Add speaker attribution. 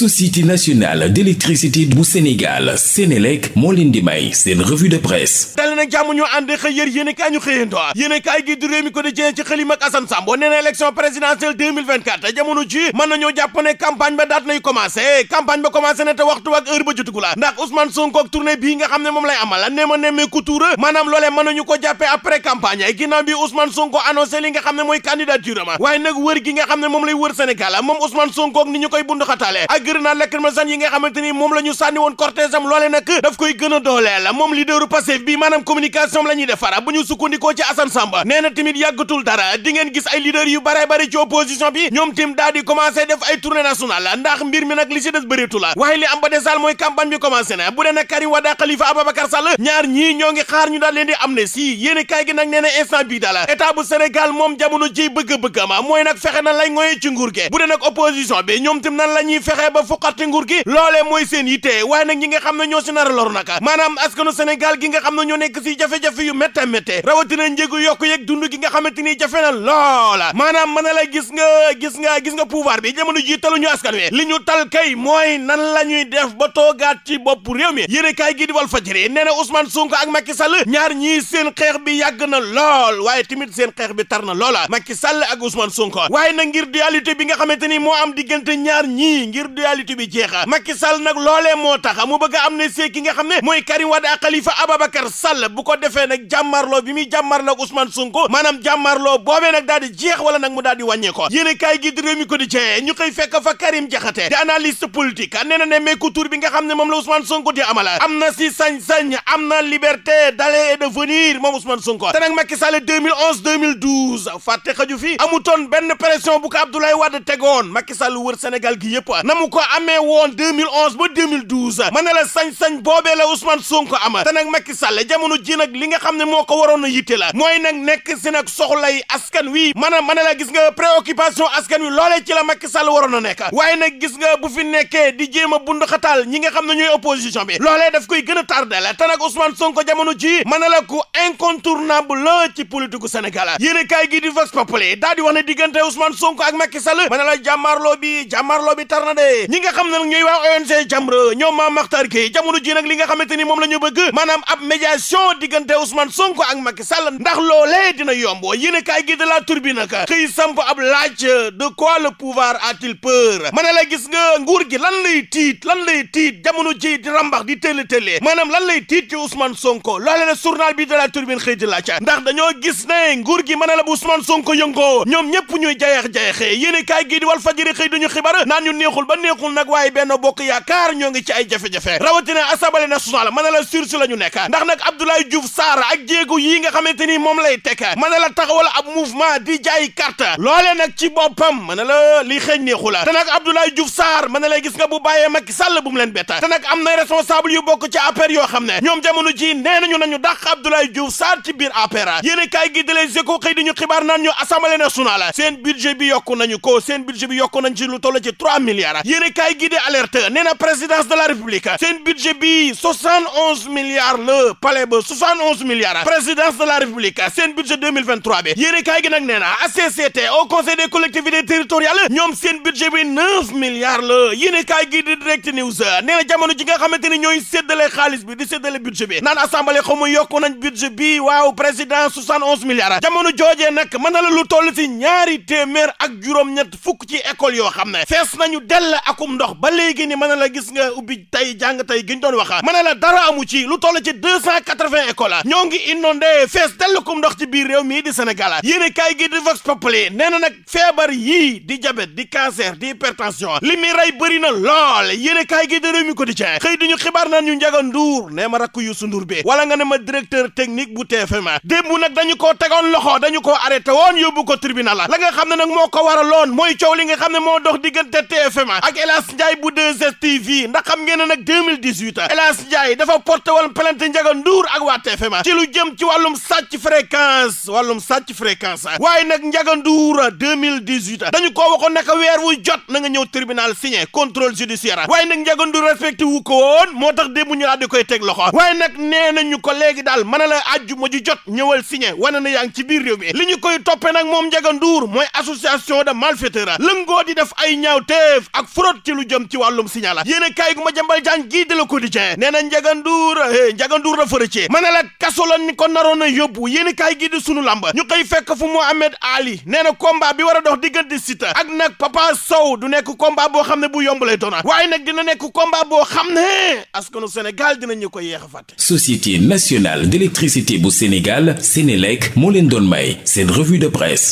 Speaker 1: société nationale d'électricité bu Sénégal Sénélec moo leen di may de presse dali nag jàmm ñu ànd xëy yër yéen ñu xëyando yéen i kaay gi du réew ko di jeen ci xëlim ak Assane Sambo nee na élection présidentielle 2024 jamono ji mën nañoo jàpp ba daat nay commencé campagne ba commencé ne te waxtu ak heure ba jotugu la ndax Ousmane Sonko ko jàppee nga xam ne mooy candidature ma waaye nag wër gi nga xam ne moom lay wër Sénégal moom Ousmane Sonko ak dëgër naa yi nga xamante moom la ñu sànni woon loole nag daf koy gën a dooleel moom leaderu Pastef bi maanaam communication la ñuy defar bu ñu sukkandikoo ci Assane Samba nee na tamit yàggatul dara di gis ay leaders yu bare bare ci opposition bi ñoom tim daal di def ay tournée nationale ndax mbir mi nag li des bëreetu la waaye li desal mooy campagne bi commencé na bu dee nag Karim Wade Khalifa Ababacar Sall ñaar ñii ñoo ngi fexe ba fuqati nguur gi loolee mooy seen yitte waaye nag ñi nga xam ne ñoo si nar a loru naka maanaam askanu Sénégal gi nga xam na ñoo nekk si jafe-jafe yu métte métte rawatina njëgu yokku yeeg dund ki nga xamante ni jafe na loola maanaam mën na la gis nga gis nga gis nga pouvoir bi jamono ji taluñu askan wi li ñu tal kay mooy nan la ñuy def ba toogaat ci bopp réew mi yéene kaay gi wal fajiri nee na Ousmane Sonko ak Macky Sall ñaar ñii seen xeex bi yàgg na lool waaye tamit seen xeex bi tar na loola Macky Sall ak Ousmane Sonko waaye na ngir dualité bi nga xamante ni moo am diggante ñaar ñii ngir dualité bi jeexa Macky nag loolee moo tax mu bëgg a amnistie ki nga xam ne mooy Karim Wade ak Khalifa Ababacar Sall bu ko defee nag bi muy jàmmarloo ak Ousmane Sonko maanaam jàmmarloo boobee nag daal jeex wala nag mu daal di wàññee ko a kaay gi di Rewmi Quotidien ñu koy fekk fa Karim Diakhaté di analyste politique nee na ne meeku tur bi nga xam ne moom la Ousmane Sonko di amala am na si sañ-sañ am na liberté d'aller et de venir moom Sonko te nag Macky bu ko Abdoulaye Wade tegoon Macky Sall wër Sénégal gi mu ko amee woon 2011 ba ma ne la sañ-sañ boobee la Ousmane Sonko ama te nag Macky Sall jamono jii nag li nga xam ne moo ko waroon a yitte la mooy nag nekk si nag soxlay askan wi man a ma la gis nga préoccupation askan wi loolee ci la Macky Sall waroon a nekk waaye na gis nga bu fi nekkee di jéem a bund xataal ñi nga xam ne ñooy opposition bi loolee daf koy gën a tardé la te nag Ousmane Sonko jamono ji ma ne la ku incontournable la ci politique gu Sénégal yéen kaay gi di Vox Populi daal di wax ne diggante Ousmane Sonko ak Macky Sall ma ne la jàmmaarloo bi jàmmaarloo bi tar na de ñi nga xam ne nag ñooy waa ONG Jamra ñoom Mame Makhtar Gueye jamono jii nag li nga xamante ni moom la ñu bëgg maanaam ab médiation diggante Ousmane Sonko ak Macky Sall ndax loolee dina yomb yéen kaay gi de la Tribune nag xëy samp ab laaj de quoi le pouvoir a-t-il ma ne la gis nga nguur gi lan lay tiit lan lay tiit jamono ji di rambax di tële tële maanaam lan lay tiit ci Ousmane Sonko loole la journal bi de la Tribune xëy di laaj ndax dañoo gis ne nguur gi ma ne la bu Ousmane Sonko yëngoo ñoom ñëpp ñuy jayeex jayeexe yéen kaay gi di Walf xëy dañu xibaar naan neexul nag waaye benn bokk yaakaar ñoo ngi ci ay jafe-jafe rawatina assemblée nationale mën na la sursi la ñu nekk ndax nag Abdoulaye Diouf Sarr ak jéego yi nga xamante ni moom lay teg mën na la taxawal ab mouvement di jaay carte loolee nag ci boppam ma na la li xëeñ neexu la te nag Abdoulaye Diouf Sarr mën na lay gis nga bu bàyyee ma Sall bu mu leen bett te nag am na responsable bokk ci APR yoo xam ne ñoom jamono ji nee nañu nañu dàq Abdoulaye Diouf Sarr ci biir APR yéen kaay gi de Les Échos xëy di ñu xibaar naan ñu a nationale seen budget bi yokku nañu ko seen budget bi yokku nañ ci lu toll ci trois milliards yéene kaay gi di alerte nee na présidence de la république seen budget bi soixante onze milliards le palais ba soixante onze milliards présidence de la république seen budget deux mille vingt trois bi yéene kaay gi nag nee na ACCT au conseil des ñoom seen budget bi neuf milliards la yéene gi di direct news nee na jamono ji nga xamante ni ñooy séddale xaalis bi di séddale budget bi naan assemblée xaw ma yokku nañ budget bi waaw présidence soixante onze milliards jamono joojee nag mën na lu toll si ñaari téeméer ak juróom ñet fukk ci école yoo xam ne fees nañu dell akum ndox ba léegi ni mën a la gis nga ubbi tey jàng tey gi ñu doon mën a la dara amu ci lu toll ci deux ñoo ngi inondé fees dellukum ndox ci biir réew mii di Sénégal yéen a gi di Vox Populi nee na nag feebar yii di diabète di cancer di hypertension li muy rey bëri na lool yéen a kaay gi di réew mi quotidien xëy duñu xibaar naan ñu njaga nduur nee ma rakk Youssou Ndour bi wala nga ne ma directeur technique bu TFM démb nag dañu koo tegoon El Hadj Ndiaye bu 2STV ndax xam ngeen ne nag 2018 El Hadj Ndiaye dafa porté woon plainte Ndiaga Ndour ak waa TFM ci lu jëm ci wàllum sàcc fréquence wàllum sàcc fréquence waaye nag Ndiaga Ndour 2018 dañu ko waxoon naka weer wu jot na nga ñëw tribunal signé contrôle judiciaire waaye nag Ndiaga Ndour respecté wu ko moo tax démb ñu daal di koy teg loxo waaye nag nee nañu ko léegi daal mën na la àjju ma ju jot ñëwal signé wane na yaa ngi ci biir réew mi li ñu koy toppee nag moom Ndiaga Ndour mooy association de malfaiteurs lëngoo di def ay ñaawteef lot ci lu jëm ci wàllum signal yéen gu ma jambal jaan gii de la quotidien nee na njaganduur eh, njaganduur dafa rëcce ma ne la kaso la ni ko naroon na yóbbu yéen a gii sunu làmb ñu koy fekk fu Mohamed Ali nee na combat bi war a dox diggante Siteu ak nag Papa Sow du nekk combat boo xam ne bu yomb lay doon waaye nag dina nekk combat boo xam ne askanu Sénégal dinañu ko yeex a fàtte. Société nationale d'électricité bu Sénégal Sénélec moo leen doon may seen revue de presse.